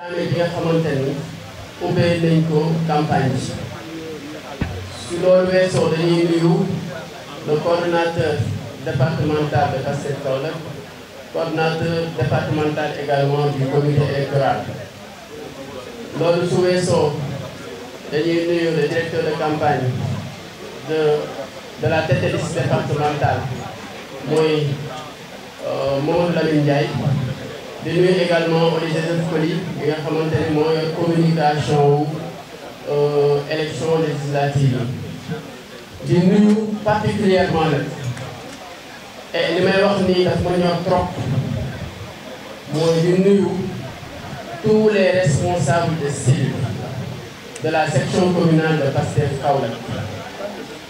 caamee bi nga xamante ni ubbee nañ ko campagne bi su loolu weesoo dañuy nuyu le coordonnateur départemental de Pastef Kaolack coordonnateur également du comité électoral loolu su weesoo dañuy nuyu le directeur de campagne de la tête de liste départementale mooy euh, Mamadou Lamine Ndiaye di nuyu également ONG Joseph Coly bi nga xamante ne mooy communication wu euh, élection législative di nuyu particulièrement eh, li may wax ni daf ma trop mooy di nuyu tous les responsables de cellule de la section communale de Pastef Kaolack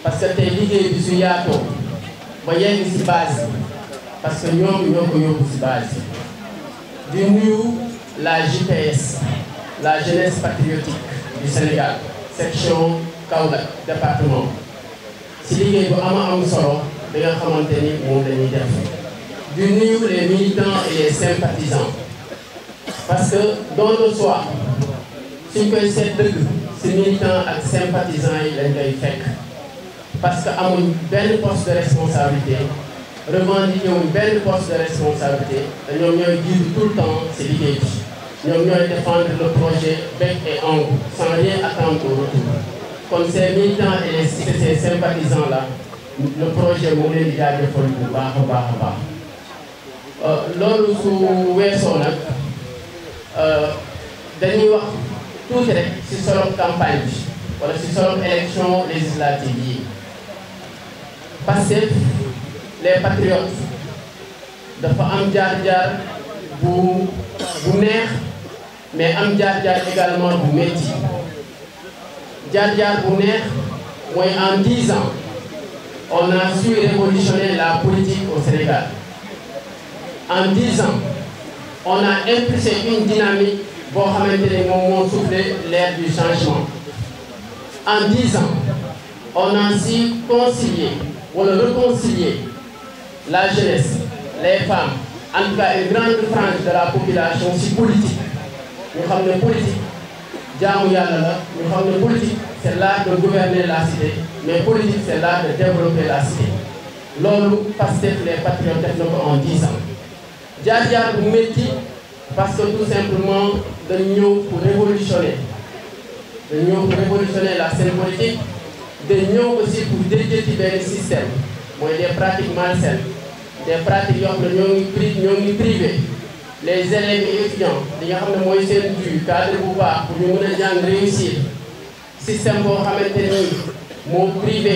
parce que tey liggéey bi su yaatoo ba yegg si base parce que ñoom ñoo ko yóbbu si base di nuyu la JPS la jeunesse patriotique du Sénégal section Kaolack département si liggéey bu ama am solo bi nga xamante ni moom lañuy def di nuyu les militants et les parce que don le soi suñ koy seet dëgg ci militants ak sympathisants yi lañ koy fekk parce que amuñ benn poste de responsabilité revendiqué wuñ benn poste de responsabilité ñoom ñooy jiitu tout le temps si liggéey bi ñoom ñooy défendre le projet bec et ongle sans rien attendre au retour kon ces militants et ces sympathisants le projet mu leen di jaajëfal bu baax a baax a baax euh, loolu su weesoo nag euh, dañuy wax tuuti rek si solo campagne bi wala si solo élection législative yi Pastef les patriotes dafa am jaar-jaar bu bu neex mais am jaar-jaar également bu métti jaar-jaar bu neex mooy en dix ans on a su révolutionner la politique au Sénégal en dix ans on a une dynamique boo xamante ne moom moo soufflé du changement en dix ans on a su wala réconcilier la jeunesse, les femmes, en tout cas une grande frange de la population si politique. Nous savons que politique, nous savons que politique, c'est l'art de gouverner la cité, mais politique, c'est l'art de développer la cité. L'homme parce que les patriotes en 10 ans. Djadia Moumetti, parce que tout simplement, de nous pour révolutionner. De nous pour révolutionner la scène politique, de nous aussi pour déjétiver le système, moi, il pratiquement malsaines. des pratiques yoo xam ne ñoo ngi ñoo ngi privé les élèves et li nga xam ne mooy seen du cadre bu baax pour ñu mën a jàng réussir système boo xamante ni moo privé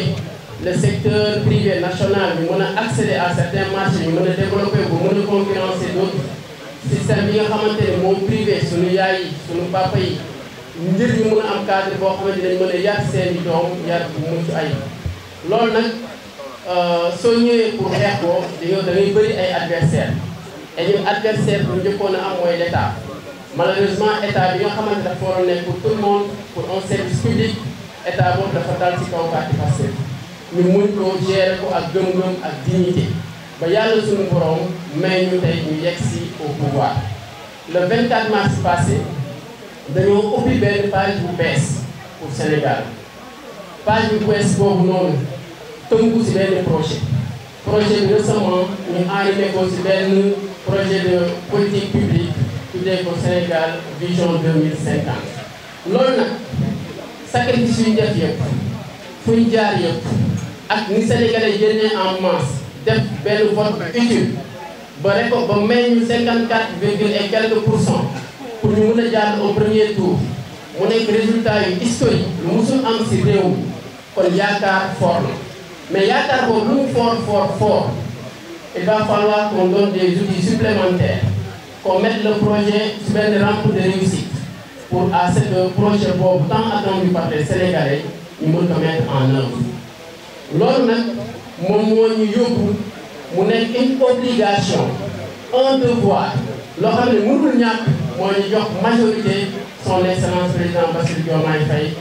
le secteur privé national ñu mën a accéder à certains marchés ñu mën a développer bu mën a concurrencer d'autres système bi nga xamante ne moom privé suñu yaay yi suñu yi ngir ñu mën am cadre boo xamante ne dañ mën a yar seen i doom yar bu mucc ay loolu nag Euh, soo ñëwee pour xeex ko yow da ngay bëri ay adversaire et ñun adversaire bu njëkkoon a am mooy l' état malheureusement état bi nga xamante dafa war a nekk pour tout monde pour un service public état boobu dafa dal ci kaw parti Pastef ñu muñ ko gérer ko ak gëm-gëm ak dignité ba yàlla suñu borom may ñu ñu yegg si au pouvoir le 24 mars passé ubbi benn page bu bees pour Sénégal page bu bees boobu noonu. tënku si benn projet projet bi récemment ñu enrayé ko si benn projet de politique publique tuddee ko Sénégal vision 2050 loolu nag sacrifice yu ñu def yëpp fu ñu jaar yëpp ak ni sénégalais génnee en masse def benn vote utile ba rek ba may ñu 54 virgule et quelques pour cent pour ñu mën a jàll au premier tour mu nekk résultat yu historique lu musul am si réew kon yaakaar fort Mais Yatar pour nous fort, fort, fort. Il va falloir qu'on donne des outils supplémentaires, qu'on projet sur une rampe de pour à ce projet boobu tant attendu par les Sénégalais ñu mën ko mettre en œuvre. loolu nag moom moo mu nekk une obligation un devoir loo xam ne mënul ñàkk moo ñu jox majorité son excellence président Bassirou Diomaye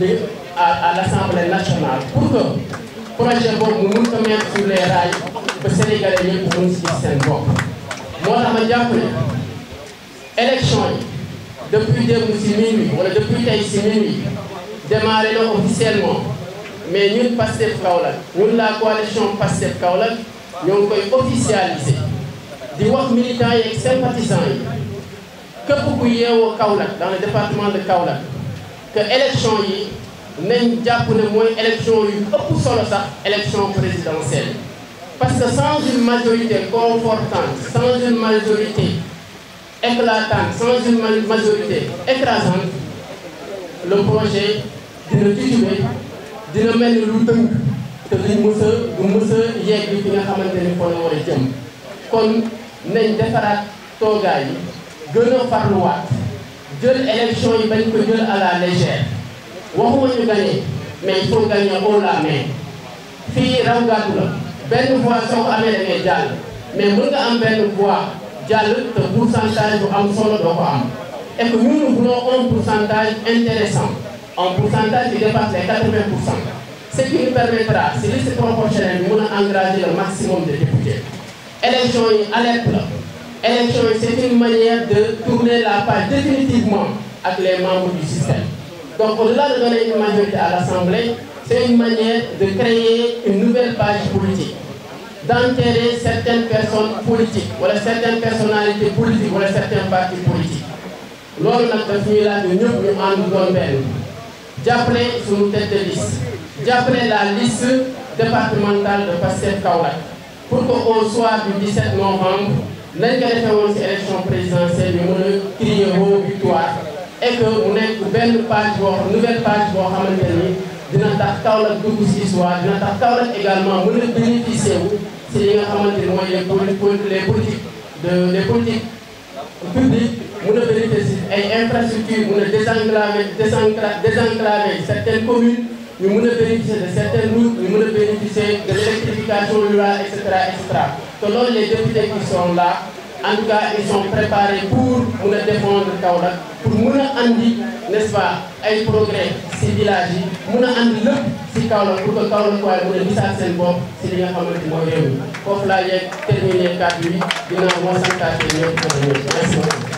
li à à l' assemblée projet boobu mun ko mettre sur les rails ba sénégalais mun si gis seen bopp moo tax ma jàpp ne élection yi depuis démb si minuit wala depuis tey si minuit démarré na officiellement mais ñun Pastef Kaolack ñun la coalition Pastef Kaolack ñoo ngi koy officialiser di wax militants yeeg sympathisants yi képp ku yeewoo Kaolack dans le département de Kaolack que élection yi nañ jàpp ne mooy élection yu ëpp solo sax élection présidentielle parce que sans une majorité confortante sans une majorité éclatante sans une majorité écrasante le projet dina titubé dina mel lu tënk te duñ mës a du mës a yegg nga xamante ni foo la war a jëm kon nañ defaraat toogaay yi gën a farluwaat jël élection yi bañ ko jël la légère waxuma ñu gagné mais il faut gagner haut la main raw gàddu benn voix soo ko amee da ngay jàll mais mën nga am benn voix jàll te pourcentage bu am solo doo ko am et que ñun nous voulons un pourcentage intéressant un pourcentage qui dépasse les 80 pour cent ce qui nous permettra si liste proportionnelle bi mën a engager le maximum de députés élection yi alerte la élection yi c'est une manière de tourner la page définitivement ak les membres du système Donc au-delà de donner une majorité à l'Assemblée, c'est une de créer une nouvelle page politique, d'enterrer certaines personnes politiques, wala certaines personnalités politiques, wala certains partis politiques. loolu nag daf ñuy laaj ñu ñëpp ñu ànd doon benn jàppale suñu tête de liste jàppale la liste départementale de Pastef Kaolack pour que au soir du 17 novembre lañ ko defee woon ci élection présidentielle ñu mën a crier woo et que mu nekk benn page boo xam nouvelle page boo dina tax Kaolack dugg si histoire dina tax Kaolack également mën a bénéficier si li nga xamante ni mooy les politiques de les politiques publiques mën a bénéficier ay infrastructures mën a désenclaver désenclaver certaines communes ñu mën a bénéficier de certaines routes ñu mën a bénéficier de l'électrification rurale et cetera et cetera te loolu les députés qui sont là en tout cas ils sont préparés pour mën a défendre Kaolack mun a andi nest ay progrès si village yi mun a andi lépp si Kaolack pour que Kaolack waaye mun a gisaat seen bopp si li nga xamante mooy réew mi foofu laa yegg terminé kàddu yi dinaa moo santaate ñëpp merci beaucoup